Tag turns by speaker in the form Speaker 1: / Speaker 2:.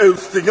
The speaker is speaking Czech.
Speaker 1: El señor